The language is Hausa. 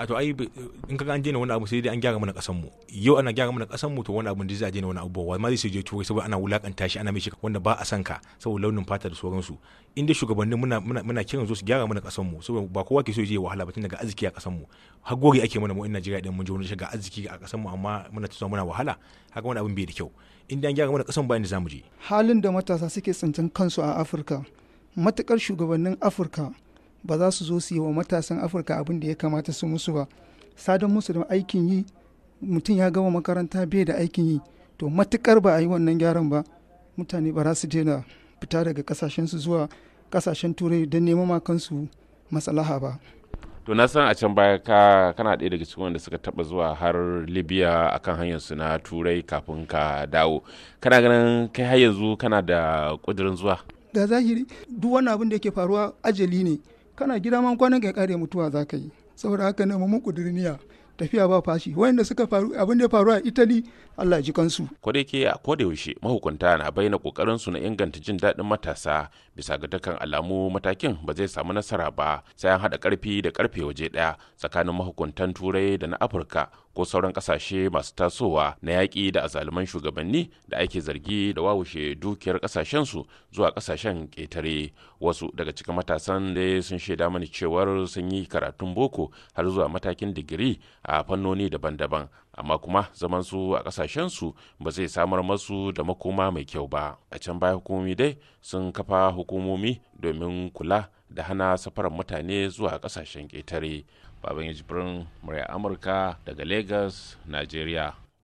a to ai in kaga an je wani abu sai dai an gyara mana kasan mu yau ana gyara mana kasan mu to wani abu da zai je wani abu ba ma zai je turai saboda ana wulakanta shi ana mishi wanda ba a san ka saboda launin fata da sauransu in dai shugabannin muna muna kiran zo su gyara mana kasan mu saboda ba kowa ke so je wahala ba tun daga arziki a kasan mu har gori ake mana mu in Najeriya din mun je wani shiga arziki a kasan mu amma muna tsoma muna wahala haka wani abin bai da kyau in dai an gyara mana kasan ba inda zamu je halin da matasa suke tsantsan kansu a Afirka matakar shugabannin Afirka ba za su zo su yi wa matasan afirka abin da ya kamata su musu ba sadan musu da aikin yi mutum ya gama makaranta bai da aikin yi to matukar ba a yi wannan gyaran ba mutane ba za su daina fita daga kasashen su zuwa kasashen turai don neman ma kansu matsalaha ba to na san a can baya ka kana ɗaya daga cikin wanda suka taba zuwa har libya akan hanyar su na turai kafin ka dawo kana ganin kai har yanzu kana da ƙudurin zuwa ga zahiri duk wannan abin da yake faruwa ajali ne kana gida man kwanan ka kare mutuwa za ka yi saboda haka ne mun kudirniya tafiya ba fashi wayanda suka faru abin da ya faru a Italy Allah ji kansu ko da yake a da yaushe mahukunta na bayyana kokarin su na inganta jin daɗin matasa bisa ga dukkan alamu matakin ba zai samu nasara ba sai an haɗa karfi da karfe waje ɗaya tsakanin mahukuntan turai da na Afirka ko sauran kasashe masu tasowa na yaƙi da azaluman shugabanni da ake zargi da wawushe dukiyar kasashensu zuwa kasashen ƙetare wasu daga cikin matasan da sun shaida mani cewar sun yi karatun boko har zuwa matakin digiri a fannoni daban-daban amma kuma zaman su a su ba zai samar masu da makoma mai kyau ba a can baya hukumomi dai sun kafa hukumomi domin kula da hana safarar mutane zuwa kasashen ƙetare babban yajibirin murya amurka daga lagos nigeria